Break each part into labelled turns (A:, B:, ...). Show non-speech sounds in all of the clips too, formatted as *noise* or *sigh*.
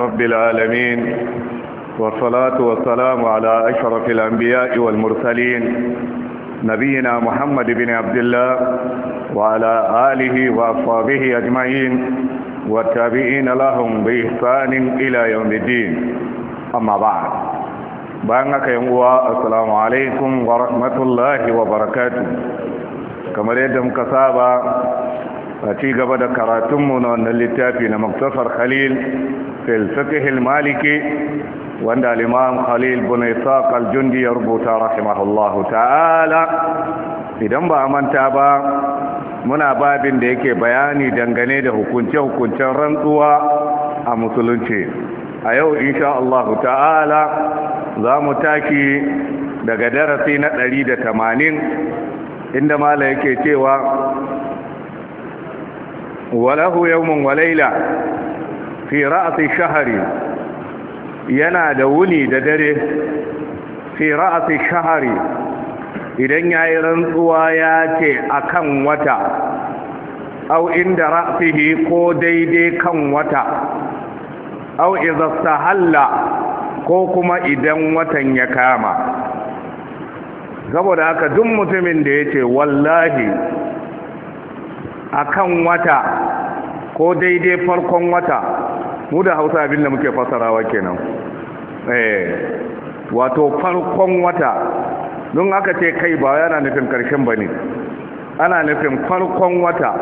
A: رب العالمين والصلاة والسلام على أشرف الأنبياء والمرسلين نبينا محمد بن عبد الله وعلى آله وأصحابه أجمعين والتابعين لهم بإحسان إلى يوم الدين أما بعد بأنك يوم السلام عليكم ورحمة الله وبركاته كما ريدم كسابا a ci gaba da karatunmu na wannan littafi na maktasar khalil filsafihil maliki wanda al'imam khalil bin isaq al-jundi ya rubuta rahimahullahu ta'ala idan ba manta ba muna babin da yake bayani dangane da hukunce-hukuncen rantsuwa a musulunci a yau insha Allah ta'ala za mu taki daga darasi na ɗari da tamanin, inda mala yake cewa walahu yawmun walaila fi ra'ati shahri yana da wuni da dare fi ra'ati shahri idan yayi rantsuwa ya ce akan wata aw inda ra'sihi ko daidai kan wata aw idza sahalla ko kuma idan watan ya kama saboda haka duk mutumin da yace wallahi akan wata ko daidai farkon wata mu da hausa abin da muke fasarawa kenan eh wato farkon wata don aka ce kai ba yana nufin karshen ba ne ana nufin farkon wata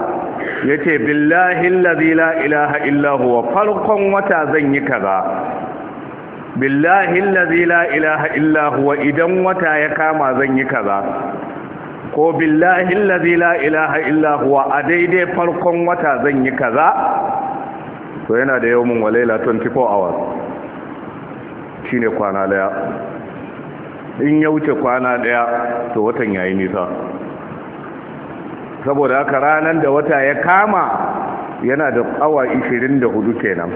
A: ya ce billahi lazi la ilaha illahu wa farkon wata zan yi kaza billahi lazi la ilaha illahu wa idan wata ya kama zan yi kaza ko billahi allazi la ilaha illa huwa a daidai farkon wata zan yi kaza to yana da yawmin walaila 24 hours shine kwana daya in ya wuce kwana daya to watan yayi nisa saboda haka ranar da wata ya kama yana da awa 24 kenan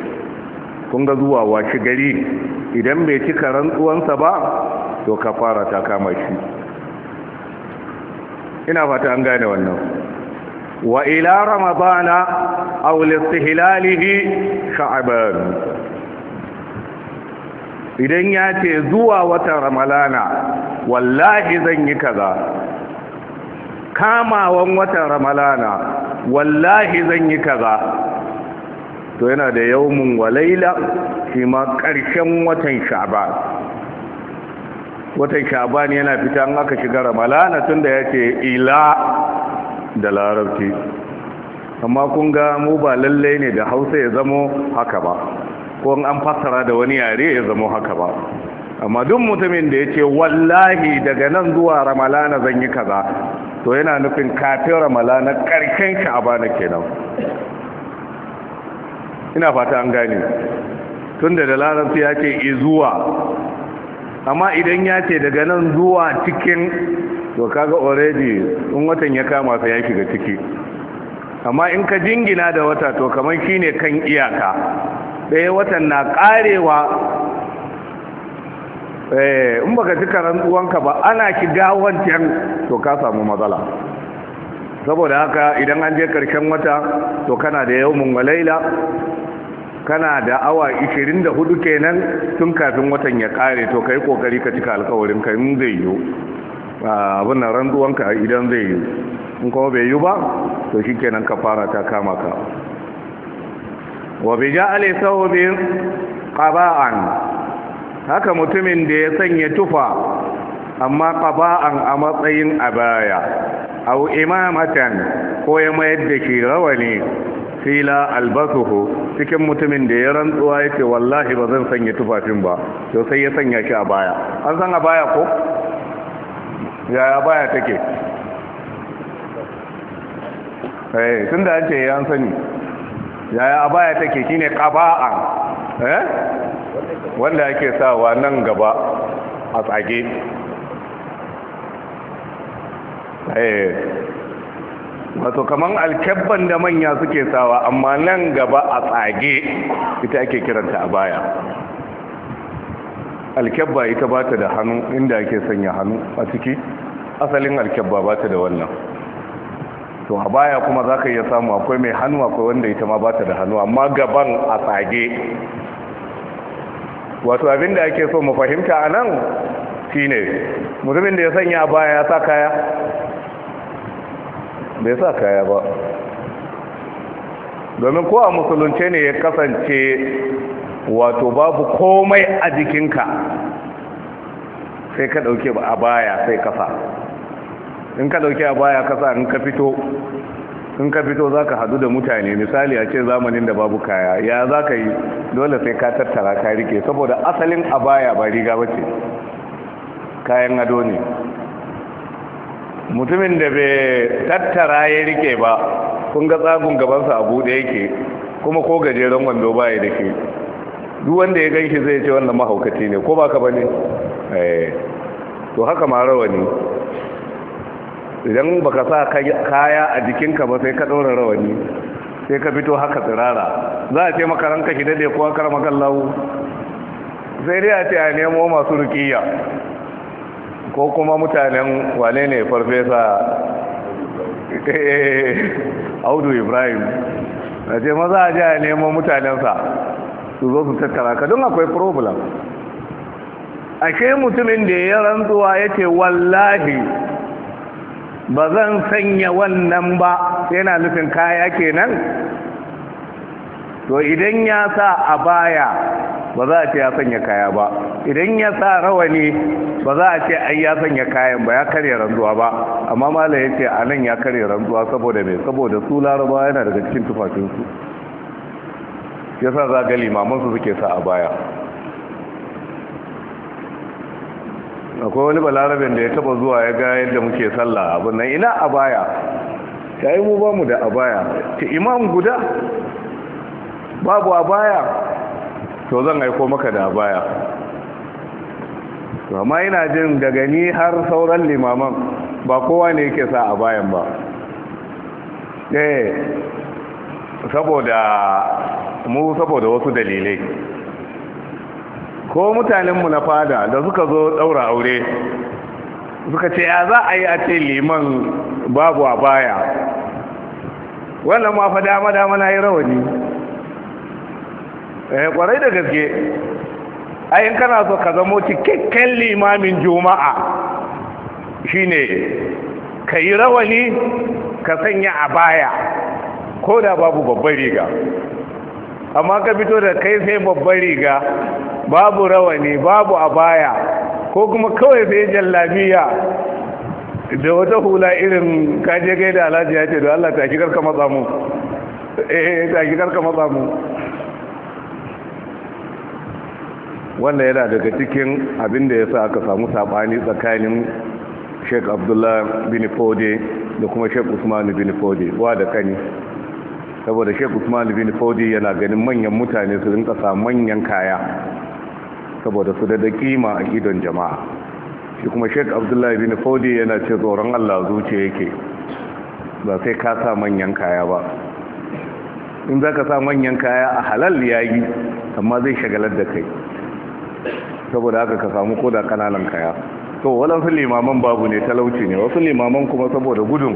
A: kun ga zuwa washi gari idan bai cika rantsuwansa ba to kafara ta kama shi ina fata an gane wannan wa ila ramadana aw listihlalihi sha'ban idan ya ce zuwa watan ramalana wallahi zan yi kaza kamawan watan ramalana wallahi zan yi kaza to yana da yawmun walaila shi ma ƙarshen watan sha'ban watan shaban yana fita an aka shiga ramalana tun da ya ce ila da larabci amma kun ga mu ba lalle ne da hausa ya zamo haka ba ko an fassara da wani yare ya zamo haka ba amma duk mutumin da ya ce wallahi daga nan zuwa ramalana zan yi kaza to yana nufin kafin ramalana karken sha'abana kenan ina fata an gane tun da da larabci ya izuwa amma idan ya ce daga nan zuwa cikin to kaga already in watan ya kama sai ya shiga ciki amma in ka jingina da wata to kamar shine kan iyaka ɗaya watan na eh in baka ci rantsuwanka ba ana shiga wancan to ka samu matsala saboda haka idan an je karshen wata to kana da yawmun walaila kana da awa 24 kenan tun kafin watan ya kare to kai kokari ka cika alkawarin ka in zai yi ah, abin nan randuwanka idan zai yi, in kuma bai yi ba to shikenan ka fara ta kama ka wa bi ja'ali thawbin qaba'an haka mutumin da ya sanya tufa amma ƙaba'an a matsayin abaya aw imamatan ko ya mayar da shi rawani kila albasuhu cikin mutumin da ya rantsuwa ce wallahi ba zan sanya tufafin ba to sai ya sanya shi a baya an san a baya ko ya baya take eh tunda an ce an sani yaya a baya take shine qaba'a eh
B: wanda yake sawa nan gaba
A: a tsage eh wato kaman alkebban da manya suke sawa amma nan gaba a tsage ita ake kiranta a baya alkebba ita ba ta da hannu inda ake sanya hannu a ciki asalin alkebba ba ta da wannan to a baya kuma za ka iya samu akwai mai hannu akwai wanda ita ma ba ta da hannu amma gaban a tsage wato abinda ake so mu fahimta a nan shi ne mutumin da ya sanya a baya ya sa kaya bai sa kaya ba domin ko a musulunce ne ya kasance wato babu komai a jikinka sai ka dauke a baya sai kasa in ka dauke a baya kasa in ka fito in ka fito za ka hadu da mutane misali a ce zamanin da babu kaya ya za ka yi dole sai ka tattara ka rike saboda asalin a baya ba riga ba kayan ado ne mutumin da bai tattara ya rike ba kun ga tsagun gabansa a buɗe yake kuma ko gajeren wando ba ya da ke duk wanda ya ganki zai ce wannan mahaukaci ne ko ba ka ba eh, to haka ma rawani idan baka sa kaya a jikinka ba sai ka ɗora rawani sai ka fito haka tsirara za a ce maka ranka shi ko ko kar makallahu sai dai a ce a nemo masu rukiya ko kuma mutanen wane ne farfesa eh, audu ibrahim na ce maza a jiya neman mutanensa su zo su tattara ka don akwai problem ashe mutumin da ya rantsuwa ya ce wallahi ba zan sanya wannan ba yana nufin kaya kenan to idan ya sa a baya ba za a ce ya sanya kaya ba idan ya sa ne ba za a ce ai ya sanya kayan ba ya karya rantsuwa ba amma malam ya ce a nan ya karya rantsuwa saboda me saboda su Laraba yana daga cikin tufafinsu ya sa za ga limamansu suke sa a baya akwai wani balarabin da ya taba zuwa ya ga yadda muke sallah abin nan ina a baya ta yi mu ba mu da a baya ta imam guda babu a baya to zan aiko maka da baya amma ina jin daga ni har sauran limaman ba kowa ne yake sa a bayan ba eh saboda mu saboda wasu dalilai ko mutanenmu na fada da suka zo daura aure suka ce ya za a yi a ce liman babu a baya wannan ma fa dama dama na yi rawani ya eh, kwarai da gaske ayin kana so ka zamo cikakken limamin juma'a shine ka yi rawani ka sanya a baya ko da babu babbar riga amma ka fito da kai sai babbar riga babu rawani babu a baya ko kuma kawai sai jallabiya da wata hula irin kaje gaida alhaji ya ce da Allah ta shigar ka matsa mu eh ta shigar ka matsa mu wannan yana daga cikin abin da ya sa aka samu sabani tsakanin sheik abdullah bin fode da kuma sheik usman bin fode wa da kani saboda sheik usman bin fode yana ganin manyan mutane su rinka sa manyan kaya saboda su da kima a idon jama'a shi kuma sheik abdullah bin fode yana ce tsoron allah zuciya yake ba sai ka sa manyan kaya ba in za ka sa manyan kaya a halal ya yi amma zai shagalar da kai saboda haka ka samu koda kananan kaya to waɗansu limaman babu ne talauci ne wasu limaman kuma saboda gudun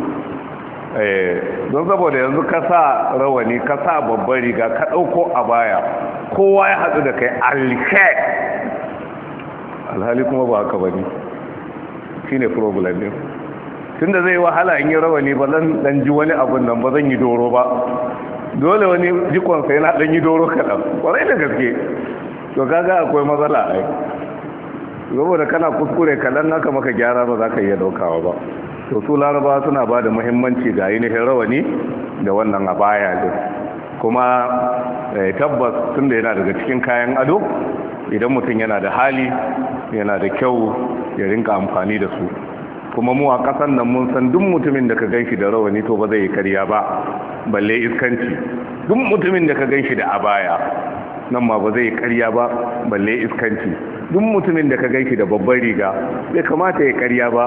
A: eh, don saboda yanzu ka sa rawani ka sa babban riga ka ɗauko a baya kowa ya haɗu da kai alke alhali kuma ba haka ba ne shi ne problem ne tun da zai wahala in yi rawani ba zan dan ji wani abin nan ba zan yi doro ba dole wani jikonsa yana ɗan yi doro kaɗan ƙwarai da gaske to kaga akwai matsala ai saboda kana kuskure kalan naka maka gyara ba za ka iya daukawa ba to su laraba suna ba da muhimmanci ga ainihin rawani da wannan a baya din kuma eh, tabbas tun da yana daga cikin kayan ado idan mutum yana da hali yana da kyau ya rinka amfani da su kuma mu a ƙasan nan mun san duk mutumin da ka ganshi da rawani to ba zai yi karya ba balle iskanci duk mutumin da ka ganshi da a baya. nan ma ba zai karya ba balle iskanci duk mutumin da ka ganki da babbar riga bai kamata ya karya ba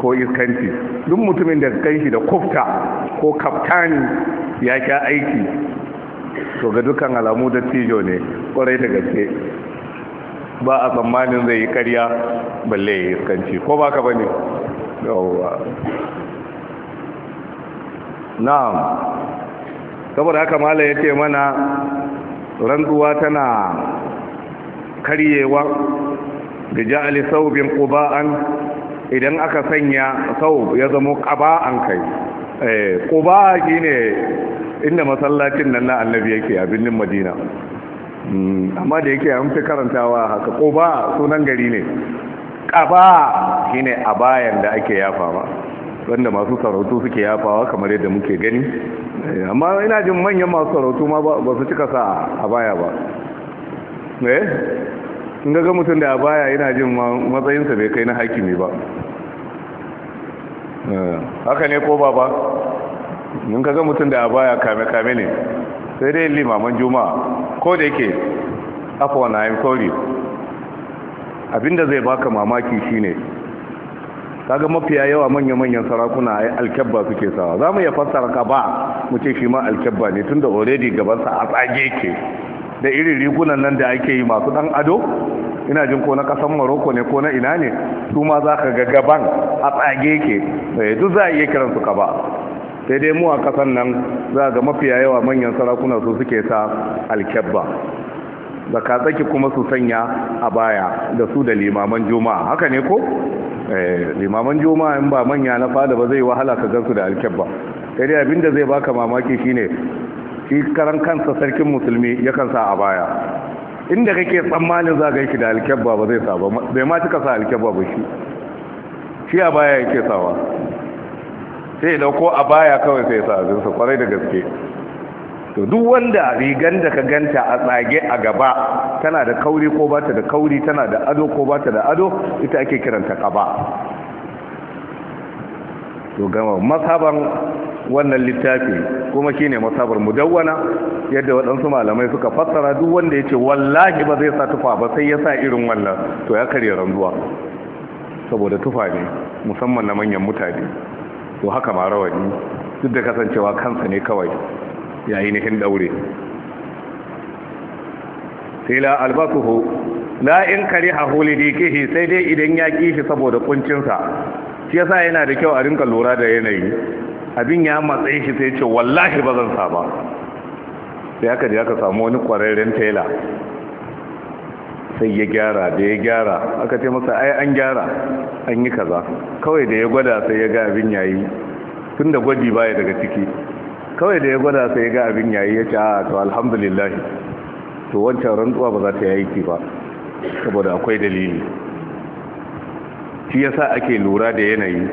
A: ko iskanci duk mutumin da ka ganki da kufta ko kaftani ya sha aiki to ga dukkan alamu da tijo ne kwarai da gaske ba a tsammanin zai yi karya balle ya iskanci ko ba ka bane yawwa na'am saboda haka mala ce mana rantsuwa tana karyewa da ja'ali saubin ƙuba'an idan aka sanya sau ya zama ƙaba'an kai ƙuba'a eh, shi ne inda masallacin nan na annabi yake a birnin madina hmm, amma da yake an fi karantawa haka ƙuba'a sunan gari ne ƙaba'a shi a bayan da ake yafa ba wanda masu sarautu suke yafawa kamar yadda muke gani eh, amma ina jin manyan masu sarautu ma ba su cika sa a baya ba eh in ga mutum da a baya ina jin matsayinsa bai kai na hakimi ba eh, haka ne ko ba ba in ka ga mutum da a baya kame-kame ne sai dai limaman juma'a ko da yake afuwa na i'm sorry abinda zai baka mamaki shine kaga mafiya yawa manya-manyan sarakuna ai alkyabba suke sawa za mu iya fassara ka ba mu ce shi ma alkyabba ne tunda already gabansa a tsage ke da irin rigunan nan da ake yi masu dan ado ina jin ko na kasan maroko ne ko na ina ne su ma za ka ga gaban a tsage ke eh, duk za a iya kiransu ka ba sai dai mu a kasan nan za ga mafiya yawa manyan sarakuna su suke sa alkyabba da ka tsaki kuma su sanya a baya da su da limaman juma'a haka ne ko Eh, limaman juma'a in ba manya na fada ba zai wahala ka gansu da alkyabba sai dai abinda zai baka mamaki shine shi karan kansa sarkin musulmi yakan sa a baya inda kake tsammanin za ka da alkyabba ba zai sa ba bai ma cika sa alkyabba ba shi shi a baya yake sawa sai dauko a baya kawai sai ya sa abinsa kwarai da gaske to duk wanda rigan da ka ganta a tsage a gaba tana da kauri ko ba da kauri tana da ado ko ba da ado ita ake kiranta kaba to gama masaban wannan littafi kuma shine masabar mudawwana yadda waɗansu malamai suka fassara duk wanda ya ce wallahi ba zai sa tufa ba sai ya sa irin wannan to ya karya ranzuwa saboda tufa ne musamman na manyan mutane to haka ma rawani duk da kasancewa kansa ne kawai ya ainihin daure sai la albasuhu la in karihahu lidikihi sai dai idan ya kishi saboda kuncinsa shi yasa yana da kyau a rinka lura da yanayi abin ya matsayi shi sai ce wallahi ba zan sa ba sai aka je aka samu wani kwararren tela sai ya gyara da ya gyara aka ce masa ai an gyara an yi kaza kawai da ya gwada sai ya ga abin yayi tun da gwaji baya daga ciki kawai da ya gwada sai ga abin yayi ya ce a ah, to alhamdulillah to wancan rantsuwa ba za ta yi aiki ba saboda akwai dalili shi yasa ake lura da yanayi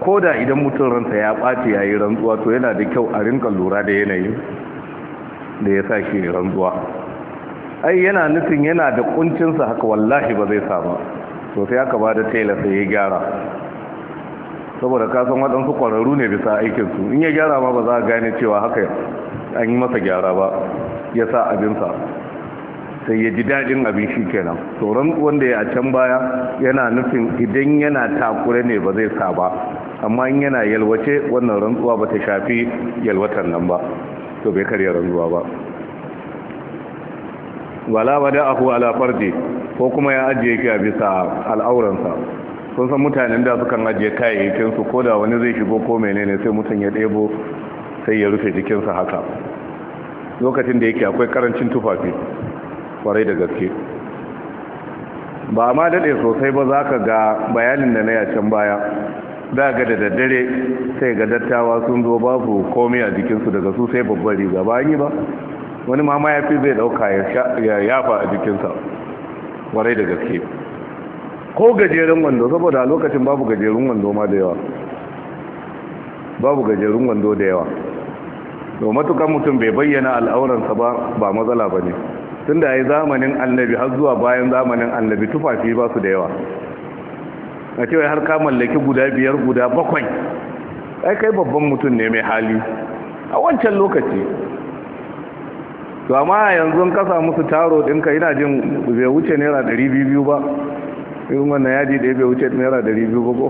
A: ko da idan mutum ransa ya ɓaci yayi rantsuwa to yana da kyau a rinka lura da yanayi da ya sa shi rantsuwa ai yana nufin yana da kuncinsa haka wallahi ba zai sa ba to sai aka ba da sai ya gyara saboda kasan waɗansu ƙwararru ne bisa aikinsu in ya gyara ma ba za a gane cewa haka an yi masa gyara ba ya sa abinsa sai ya ji daɗin abin shi kenan tsoron wanda ya can baya yana nufin idan yana takure ne ba zai sa ba amma in yana yalwace wannan rantsuwa ba ta shafi yalwatan nan ba to bai karya rantsuwa ba wala wada ahu ala farji ko kuma ya ajiye ki a bisa al'auransa sun san mutanen da sukan ajiye kayayyakin su ko da wani zai shigo ko menene sai mutum ya ɗebo sai ya rufe jikinsa haka lokacin da yake akwai karancin tufafi kwarai da gaske ba ma daɗe sosai ba za ka ga bayanin da na can baya za ga da daddare sai ga dattawa sun zo babu komai a jikinsu daga su sai babbar riga ba yi ba wani ma fi zai ɗauka ya yafa a jikinsa kwarai da gaske ko gajeren wando saboda a lokacin babu gajerun wando ma da yawa babu gajerun wando da yawa to matukan mutum bai bayyana al'auransa ba ba matsala ba ne tun da ya zamanin annabi har zuwa bayan zamanin annabi tufafi ba su da yawa a cewa har ka mallaki guda biyar guda bakwai ai kai babban mutum ne mai hali a wancan lokaci to amma yanzu ka samu su taro ɗinka ina jin zai wuce naira ɗari biyu ba irin wannan yaji da ya bai wuce naira dari biyu bago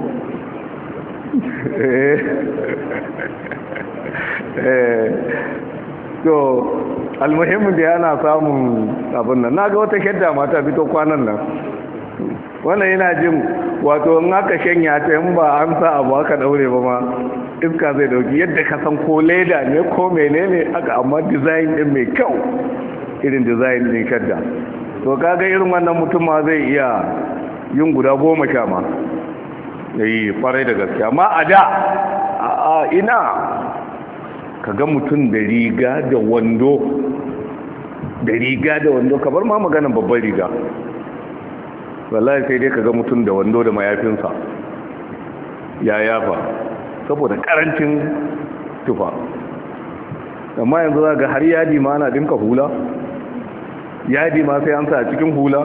A: so eh. eh. almuhimmin da yana samun abin nan na ga wata shadda mata fito kwanan nan wannan yana jin wato in aka shanya ta in ba an sa abu aka daure ba ma iska zai dauki yadda ka san ko leda ne ko menene aka amma design din mai kyau irin design din shadda to kaga irin wannan mutum ma zai iya yin guda goma sha ma yi farai da gaske amma a da a ina ka ga mutum da riga da wando da riga da wando kamar ma maganin babban riga wallahi sai dai ka ga mutum da wando da mayafinsa ya yafa saboda karancin tufa amma yanzu za ga har yadi ma ana dinka hula yadi ma sai an sa a cikin hula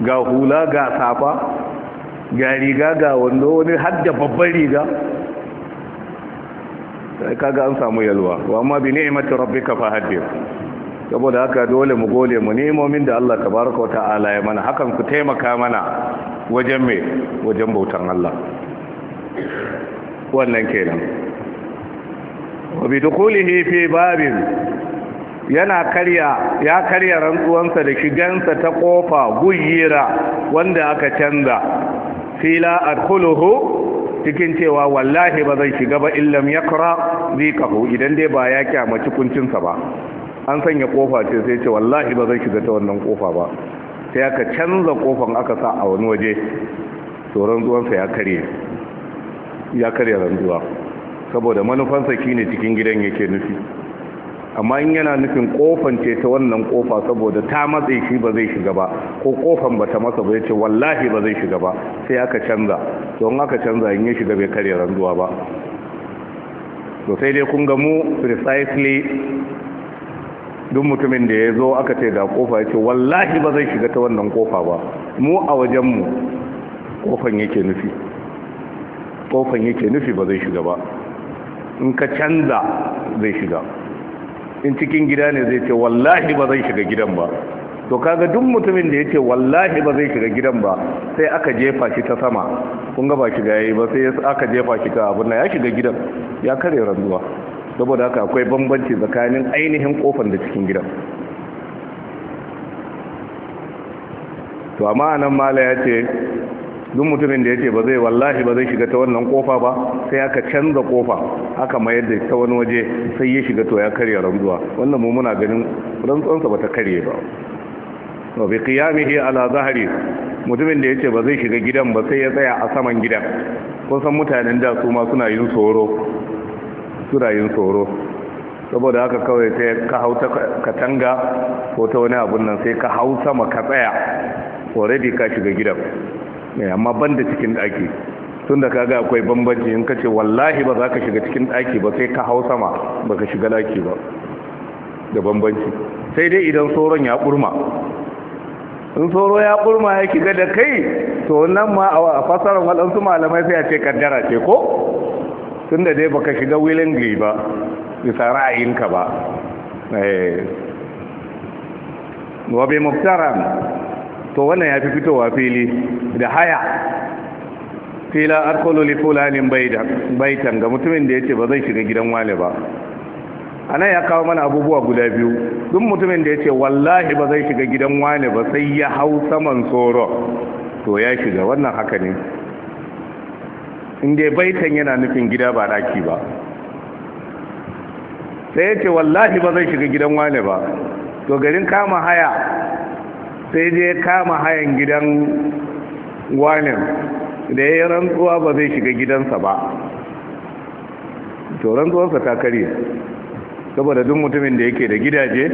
A: ga hula ga safa ga riga ga wando wani hadda babban riga sai kaga an samu yalwa wa amma bi ni'mati rabbika hadir saboda haka dole mu gode mu nemomin da Allah tabaraka ta'ala ya mana hakan ku taimaka mana wajen me wajen bautan Allah wannan kenan wa bi dukulihi fi babin yana karya ya karya rantsuwansa da shigansa ta kofa guyira wanda aka canza fila adkhuluhu cikin cewa wallahi ba zai shiga ba illam yakra zikahu idan dai ba ya kyamaci kuncinsa ba an sanya kofa ce sai ce wallahi ba zai shiga ta wannan kofa ba sai aka canza kofan aka sa a wani waje to rantsuwansa ya karye ya karye rantsuwa saboda manufansa shine cikin gidan yake nufi amma in yana nufin kofan ce ta wannan kofa saboda ta matse shi ba zai shiga ba ko kofan ba ta masa ba ya ce wallahi ba zai shiga ba sai aka canza don aka canza in ya shiga bai karya randuwa ba to sai dai kun gamu precisely duk mutumin da ya zo aka ce da kofa ya ce wallahi ba zai shiga ta wannan kofa ba mu a wajenmu kofan yake nufi kofan yake nufi ba zai shiga ba in ka canza zai shiga in cikin gida ne zai ce wallahi ba zai shiga gidan ba to kaga duk mutumin da yake wallahi ba zai shiga gidan ba sai aka jefa shi ta sama kun ga ba shiga yayi ba sai aka jefa shi ta abun nan ya shiga gidan ya kare ranzuwa saboda haka akwai bambanci tsakanin ainihin kofar da cikin gidan to amma anan mala ya ce duk mutumin da yake ba zai wallahi ba zai shiga ta wannan kofa ba sai aka canza kofa aka mayar da ta wani waje sai ya shiga to ya karya rantsuwa wannan mu muna ganin ba ta karye ba to bi qiyamihi ala zahri mutumin da yake ba zai shiga gidan ba sai ya tsaya a saman gidan kun san mutanen da su ma suna yin tsoro suna yin tsoro saboda haka kawai sai ka hau ta katanga ko ta wani abun nan sai ka hau sama ka tsaya already ka shiga gidan Eh, amma banda cikin daki tun da kaga akwai bambanci in kace wallahi ba za ka shiga cikin daki ba sai ka hau sama ba ka shiga daki ba da bambanci sai dai idan tsoron ya kurma in tsoro ya kurma ya shiga da kai to nan ma a fasarar waɗansu malamai sai a ce kaddara ce ko tun da dai ba ka shiga willingly ba bisa ra'ayinka ba eh. wa bi muftaran to wannan ya fi fitowa fili da haya fila arkololi li fulanin baitan ga mutumin da ya ce ba zai shiga gidan wale ba a nan ya kawo mana abubuwa guda biyu duk mutumin da ya ce wallahi ba zai shiga gidan wale ba sai ya hau saman tsoro to ya shiga wannan haka ne inda baitan yana nufin gida ba daki ba sai ya ce wallahi ba zai shiga gidan wale ba to garin kama haya sai je kama hayan gidan wanin da ya yi rantsuwa ba zai shiga gidansa ba to rantsuwarsa ta karye saboda duk mutumin da yake da gidaje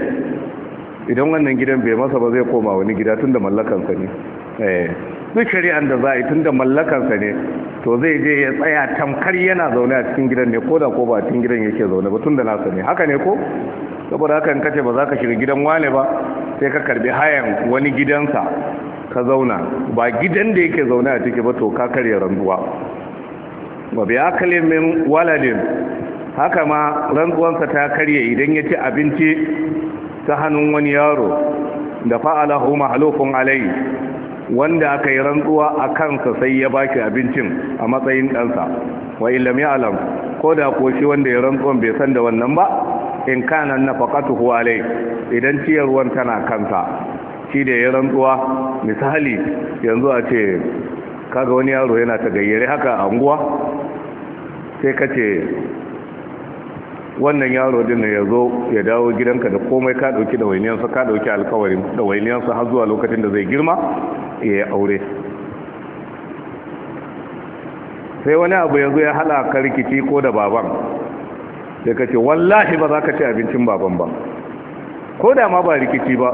A: idan wannan gidan bai masa ba zai koma wani gida tun da mallakansa ne eh, duk shari'an da za a yi tun da mallakansa ne to zai je ya tsaya tamkar yana zaune a cikin gidan ne ko da ko ba a cikin gidan yake zaune ba tun da nasa ne haka ne ko saboda haka in kace ba za ka shiga gidan wane ba sai ka karbi hayan wani gidansa ka zauna ba gidan da yake zauna a ciki ba to ka karya rantsuwa Ba bi akalin min waladin haka ma rantsuwansa ta karye idan ya ci abinci ta hannun wani yaro da fa'alahu mahalofin alai wanda aka yi rantsuwa a kansa sai ya baki abincin a matsayin ɗansa wa ilam ya alam ko da koshi wanda ya rantsuwan bai san da wannan ba in kana nafaqatuhu alai idan ciyarwar tana kanta, shi da ya rantsuwa misali yanzu a ce kaga wani yaro yana ta gayyare haka a anguwa sai ka ce wannan yaro din ya zo ya dawo gidanka da komai ka ɗauki da wainiyansa ka ɗauki alkawarin da wainiyansa har zuwa lokacin da zai girma ya yi aure sai wani abu ya zo ya haɗa ka rikici ko da baban sai ka ce wallahi ba za ka ci abincin baban ba ko da ma ba rikici ba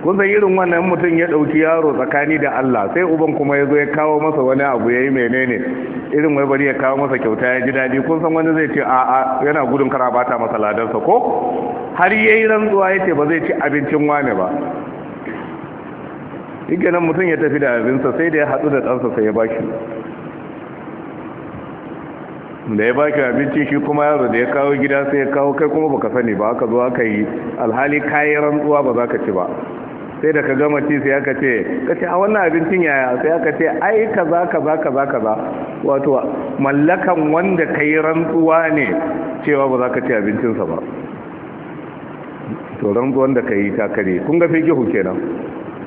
A: kun san irin wannan mutum ya ɗauki yaro tsakani da Allah sai uban kuma ya zo ya kawo masa wani abu ya yi menene irin wai bari ya kawo masa kyauta ya ji daɗi kun san wani zai ce a'a yana gudun kara bata masa ladarsa ko har ya yi rantsuwa ya ce ba zai ci abincin wane ba shi mutum ya tafi da abinsa sai da ya haɗu da ɗansa sai ya shi da ya baki abinci shi kuma yaro da ya kawo gida sai ya kawo kai kuma baka sani ba aka zo aka yi alhali kayi rantsuwa ba za ka ci ba sai da ka gama ci sai aka ce ka ce a wannan abincin yaya sai aka ce ai ka ka za ka za ka za wato mallakan wanda ka yi rantsuwa ne cewa ba za ka ci abincinsa ba to rantsuwan da ka yi ta kare kun ga fi kenan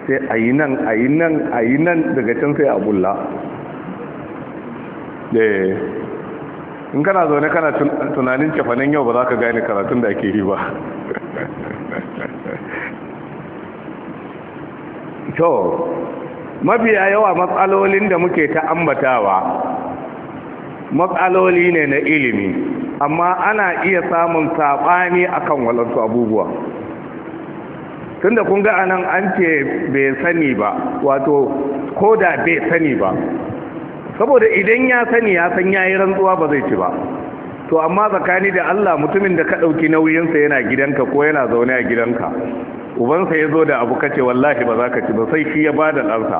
A: sai a yi nan a yi nan a yi nan daga can sai a bulla eh. in kana zaune kana tunanin cefanen yau ba za ka gane karatun da ake yi ba
B: *laughs*
A: to mafiya yawa matsalolin da muke ta ambatawa matsaloli ne na ilimi amma ana iya samun saɓani akan walansu abubuwa tunda kun ga anan an ce bai sani ba wato ko da bai sani ba saboda idan ya sani ya san yayi rantsuwa ba zai ci ba to amma tsakani da Allah mutumin da ka ɗauki nauyinsa yana gidanka ko yana zaune a gidanka ubansa ya zo da abu kace wallahi ba za ka ci ba sai shi ya bada ɗansa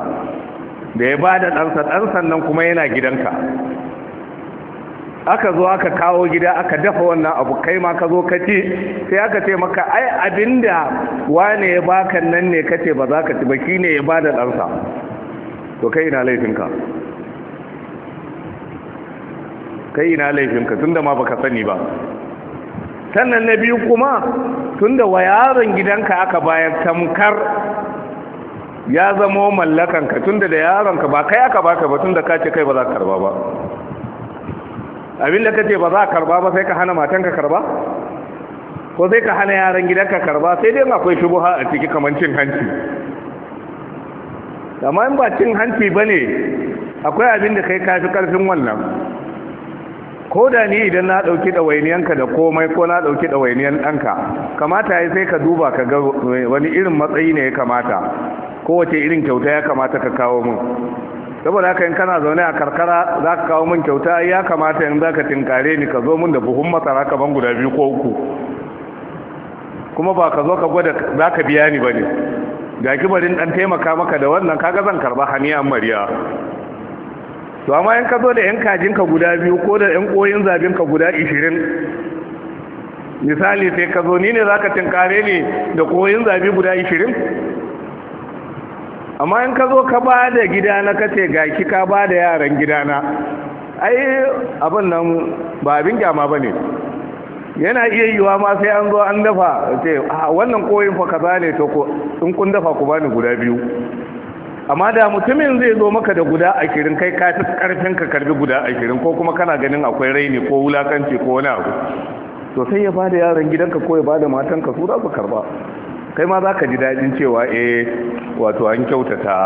A: da ya bada ɗansa ɗan nan kuma yana gidanka aka zo aka kawo gida aka dafa wannan abu kai ma ka zo ka ci sai aka ce maka ai abinda wane ya baka nan ne kace ba za ka ci ba shine ya bada ɗansa to kai ina laifinka kai ina laifinka tunda ma baka sani ba sannan na biyu kuma tunda wa yaron gidanka aka bayar tamkar ya zama mallakanka tunda da yaronka ba kai aka baka ba tunda ka ce kai ba za ka karba ba abinda ka ce ba za ka karba ba sai ka hana matanka karba ko sai ka hana yaron gidanka karba sai dai akwai shubuha a ciki kamar cin hanci amma in ba cin hanci bane akwai abin da kai kafi karfin wannan ko da ni idan na ɗauki ɗawainiyanka da komai ko na ɗauki ɗawainiyan ɗanka kamata ya sai ka duba ka ga wani irin matsayi ne ya kamata kowace irin kyauta ya kamata ka kawo mun saboda haka in kana zaune a karkara za ka kawo mun kyauta ya kamata in za ka tinkare ni ka zo mun da buhun masara kaman guda biyu ko uku kuma ba ka zo ka gwada za ka biya ni ba ne ga kibarin dan taimaka maka da wannan kaga zan karba haniya mariya to amma in ka zo da yan kajinka guda biyu ko da yan koyin zabinka guda 20 misali sai ka zo ni ne za ka tinkare ne da koyin zabi guda 20 amma in ka zo ka ba da gidana ka ce ga ki ka ba da yaran gidana ai abin nan ba abin gyama ba ne yana iya yiwa ma sai an zo an dafa ce ah, wannan koyin fa kaza ne to in kun dafa ku bani guda biyu amma da mutumin zai zo maka da guda kirin kai ka ta karfin ka karbi guda kirin ko kuma kana ganin akwai raini ko wulakanci ko wani abu to sai ya bada yaran gidanka ko ya bada matanka su za su karba kai ma za ka ji daɗin cewa eh wato an kyautata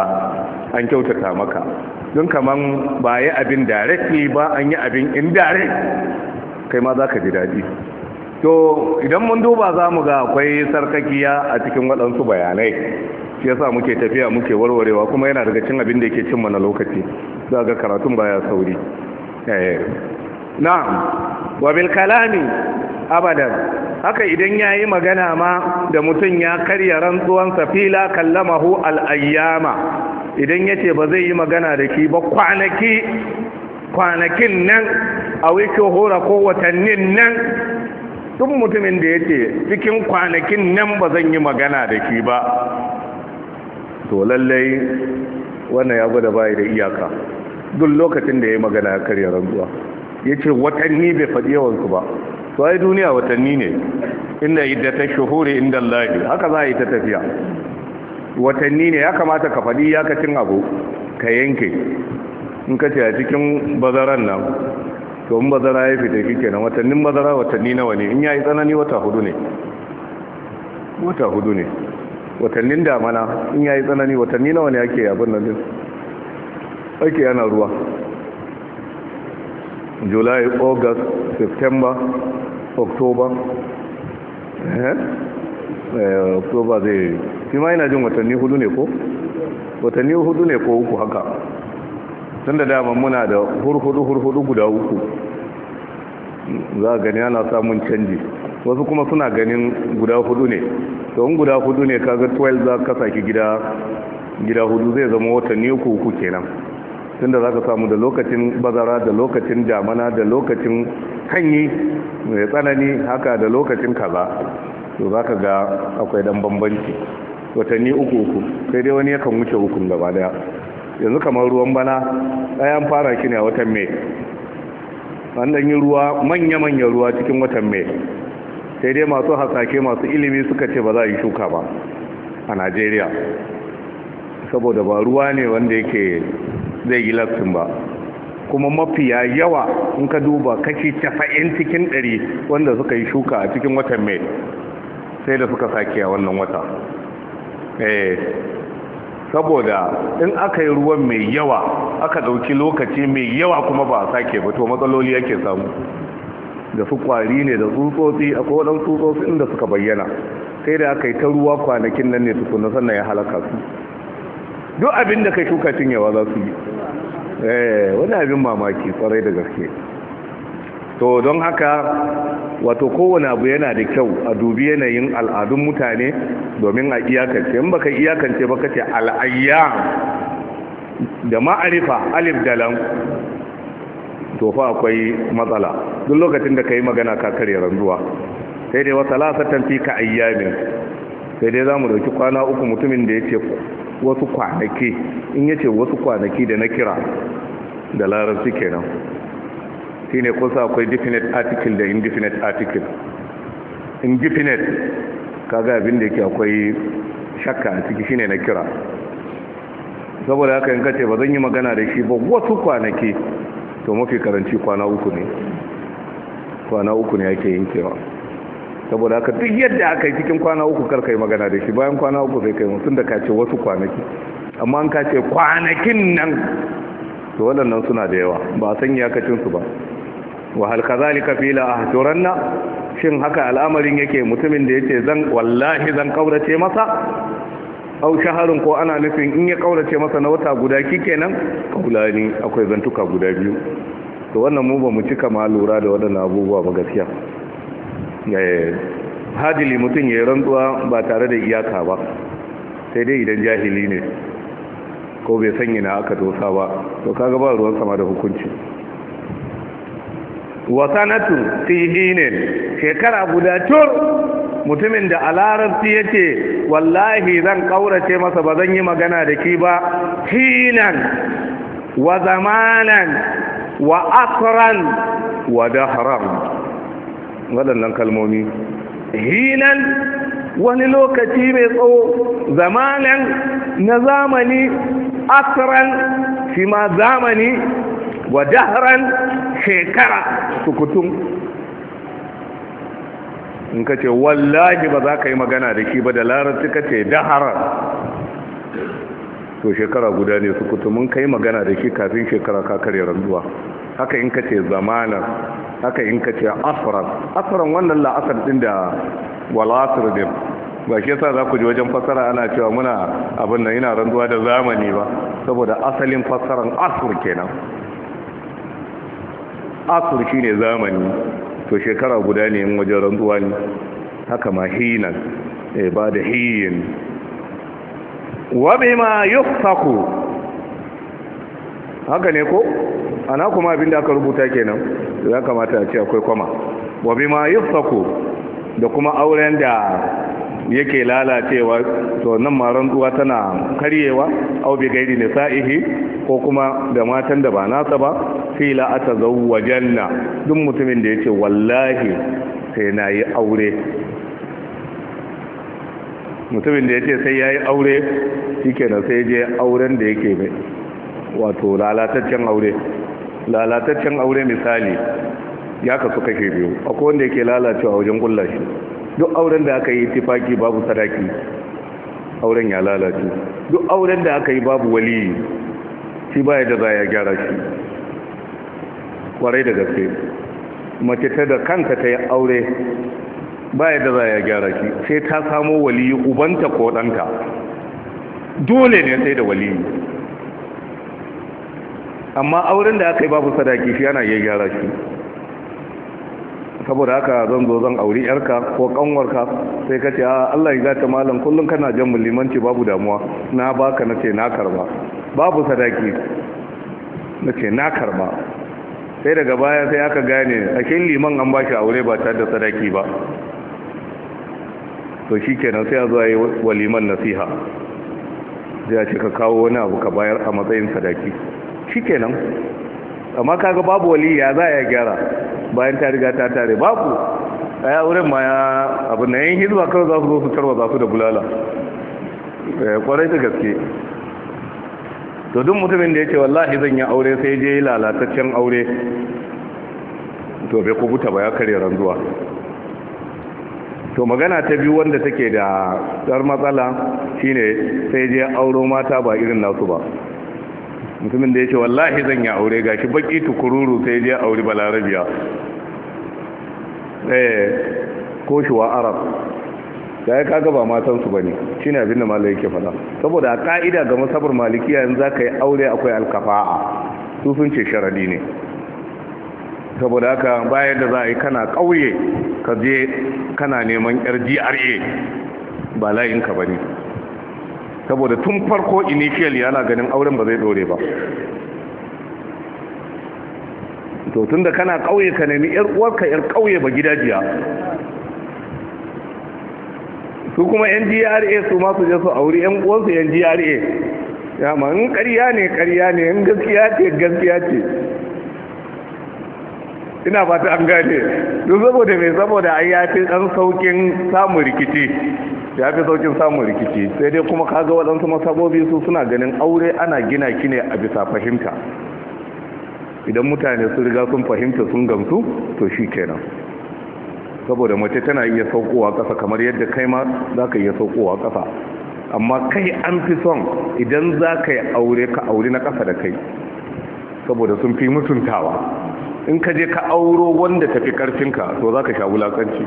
A: an kyautata maka don kaman ba yi abin directly ba an yi abin indirect kai ma za ka ji daɗi to idan mun duba za mu ga akwai sarkakiya a cikin waɗansu bayanai shi yasa muke tafiya muke warwarewa kuma yana daga cin abin da yake cin mana lokaci za ga karatun baya sauri eh. na'am wa bil kalami abadan haka idan yayi magana ma da mutum ya karya rantsuwan safila kallamahu al ayyama idan yace ba zai yi magana da ki ba kwanaki kwanakin nan a wuce hora ko watannin nan duk mutumin da yace cikin kwanakin nan ba zan yi magana da ki ba to lallai wannan ya gwada bayi da iyaka duk lokacin da ya yi magana ya karya rantsuwa ya ce watanni bai faɗi yawansu ba to ai duniya watanni ne inda idda ta shuhuri inda lahi haka za a yi ta tafiya watanni ne ya kamata ka faɗi iyakacin abu ka yanke in ka ce a cikin bazaran nan to in bazara ya fita kike na. watannin bazara watanni nawa ne in ya yi tsanani wata hudu ne wata hudu ne watannin damana in yayi tsanani watanni nawa ne ake abin nan din ake yana ruwa july august september october eh? Eh, october zai shi ma yana jin watanni hudu ne ko watanni hudu ne ko uku haka tun da dama muna da hurhudu hurhudu guda uku za a gani ana samun canji wasu kuma suna ganin guda hudu ne don guda hudu ne kaga 12 za ka saki gida gida hudu zai zama watanni uku uku kenan tunda za ka samu da lokacin bazara da lokacin damana da lokacin hanyi mai tsanani haka da lokacin kaza to za ka ga akwai dan bambanci watanni uku uku sai dai wani yakan wuce hukun gaba daya yanzu kamar ruwan bana ɗayan fara shi ne a watan mai an ɗanyi ruwa manya-manya ruwa cikin watan mai sai dai masu hasake masu ilimi suka ce ba za a yi shuka ba a najeriya saboda ba ruwa ne wanda yake zai yi lafsin ba kuma mafiya yawa in ka duba kashi tafa'in cikin ɗari wanda suka yi shuka a cikin watan mai sai da suka sake a wannan wata eh, saboda in aka yi ruwan mai yawa aka ɗauki lokaci mai yawa kuma ba a sake ba to matsaloli yake samu da su kwari ne da tsutsotsi a kodan tsutsotsi inda suka bayyana sai da aka yi ta ruwa kwanakin nan ne tukuna sannan ya halaka su duk abin da ka shuka cinyewa za su yi eh, wani abin mamaki kwarai da gaske to don haka wato kowane abu yana da kyau a dubi yanayin al'adun mutane domin a iyakance in ka iyakance baka ce al'ayya da ma'arifa alif dalam Tofa akwai matsala duk lokacin da kai magana ka karya ranzuwa sai dai wata lasatan fi ka ayyamin sai dai za mu dauki kwana uku mutumin da yace wasu kwanaki in yace wasu kwanaki da na kira da larabci kenan shine kusa akwai definite article da indefinite article indefinite kaga abin da yake akwai shakka a ciki shine na kira saboda haka in kace ba zan yi magana da shi ba wasu kwanaki to mafi karanci kwana uku ne kwana uku ne ake kewa saboda haka duk yadda aka yi cikin kwana uku kar yi magana da shi bayan kwana uku zai kai mutum da kace wasu kwanaki amma an kace kwanakin nan to waɗannan suna da yawa ba a san yakacinsu ba wa ka fila a la nan. shin haka al'amarin yake mutumin da ya ce zan wallahi zan kaurace masa au shaharin ko ana nufin in ya kaurace masa na wata guda kikenan kulani akwai zantuka guda biyu to wannan mu ba mu cika ma lura da waɗannan abubuwa ba gaskiya eh, hadili mutum ya yi rantsuwa ba tare da iyaka ba sai dai idan jahili ne ko bai sanya na aka dosa ba to kaga ba ruwan sama da hukunci wa sanatun shekara guda tur mutumin da a larabci ya ce wallahi zan ƙaurace masa ba zan yi magana da ki ba hinan wa zamanan wa akran wa daharan waɗannan kalmomi hinan wani lokaci mai tsawo zamanan na zamani akran shi ma zamani wa daharan shekara sukutun in ka ce wallahi ba za ka yi magana da shi ba da larabci ka ce dahara to shekara guda ne su mun ka yi magana da shi kafin shekara ka karya ranzuwa haka in ka ce zamanar haka in ka ce asirar asirar wannan la'asar din da walasar din ba shi yasa za ku ji wajen fasara ana cewa muna abin nan yana ranzuwa da zamani ba saboda asalin fasaran asir kenan asir ne zamani to shekara guda ne in wajen rantsuwa ne haka ma hinan eh, ba da hiyin wabe ma yufaku haka ne ko ana kuma abin da aka rubuta kenan ya kamata a ce akwai kwama wabe ma yufaku da kuma auren da yake lalacewa to nan ma rantsuwa tana karyewa au bi gairi nisa'ihi ko kuma da matan da ba nasa ba qila atazawwajanna duk mutumin da yake wallahi sai nayi aure mutumin da yake sai yayi aure shikenan sai je auren da yake bai wato lalataccen aure lalataccen aure misali ya kasu kashe biyu akwai wanda yake lalacewa wajen kulla shi duk auren da aka yi tifaki babu sadaki auren ya lalace duk auren da aka yi babu waliyi shi baya da za ya gyara shi kwarai da gaske mace ta da kanta ta yi aure ba da za ya gyara shi, sai ta samo waliyu ubanta ko ɗanta dole ne sai da waliyu. amma auren da aka yi babu sadaki shi yana iya gyara shi saboda haka zan zo zan auri yarka ko kanwarka sai ka ce a Allah ya gata malam kullum kana jan mulimanci babu damuwa na baka na ce na karba babu sadaki na ce na karba sai daga baya sai aka gane ashin liman an ba shi aure ba tare da sadaki ba to shi kenan sai a zuwa yi wa liman nasiha zai ce ka kawo wani abu ka bayar a matsayin sadaki shi kenan amma kaga babu wali ya za a gyara bayan ta riga ta tare babu a ya wurin ma ya abu na yin hizba kawai za su zo su tarwa za su da bulala eh, kwarai da gaske to duk mutumin da ya ce wallahi zan yi aure sai je yi lalataccen aure to bai kubuta ba ya kare ranzuwa to magana ta biyu wanda take da dar matsala shine sai je auro mata ba irin nasu ba mutumin da ya ce wallahi zan yi aure gashi baki tukururu sai je aure balarabiya eh ko shuwa arab ga ya kaga ba matansu ba bane shi ne abinda malai yake fada saboda a ka'ida ga masabar malikiya yanzu za yi aure akwai alkafa'a su sun ce sharadi ne saboda haka bayan da za a yi kana ƙauye ka je kana neman yar gra ba layinka ba bane saboda tun farko initial yana ganin auren ba zai dore ba to tun kana kauye ka nemi yar uwarka yar ƙauye ba gidajiya su kuma yan GRA su masu je su auri yan uwansu yan GRA ya ma in ƙarya ne ƙarya ne in gaskiya ce gaskiya ce ina ba ta an gane duk saboda mai saboda ai ya fi dan saukin samun rikici ya fi saukin samun rikici sai dai kuma kaga waɗansu masabobi su suna ganin aure ana gina ki ne a bisa fahimta idan mutane su riga sun fahimta sun gamsu to shi kenan saboda mace tana iya saukowa ƙasa kamar yadda kai ma za ka iya saukowa ƙasa amma kai an fi son idan za ka yi aure ka aure na ƙasa da kai saboda sun fi mutuntawa in ka je ka auro wanda ta fi ƙarfinka to za ka sha wulaƙanci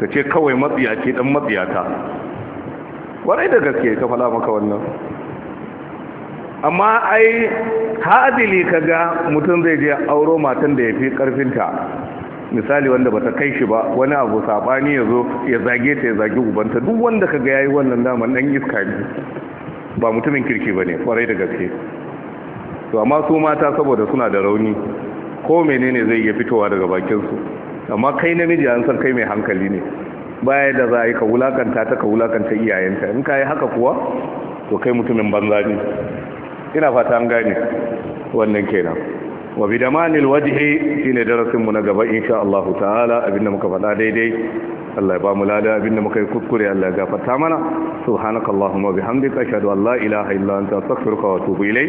A: ka ce kawai matsiya ce ɗan matsiyata warai da gaske ka fala maka wannan amma ai hadili ga mutum zai je auro matan da ya fi ƙarfinta misali wanda bata kai shi ba wani abu sabani ya zo ya zage ta ya zage ubanta duk wanda kaga yayi wannan daman dan iska ne ba mutumin kirki bane kwarai da gaske to amma su mata saboda suna da rauni ko menene zai iya fitowa daga bakin su amma kai namiji an san kai mai hankali ne baya da za a yi ka wulakanta ta ka wulakanta iyayenta in ka yi haka kuwa to kai mutumin banza ne ina fata an gane wannan kenan wa bi damanil wajhi shine darasin mu na gaba insha Allah ta'ala abinda muka faɗa daidai Allah ya ba mu lada abinda muka yi kuskure Allah ya gafarta mana subhanakallahumma bihamdika ashhadu an la ilaha illa anta astaghfiruka wa atubu ilayk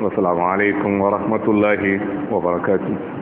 A: wa assalamu alaikum wa rahmatullahi wa barakatuh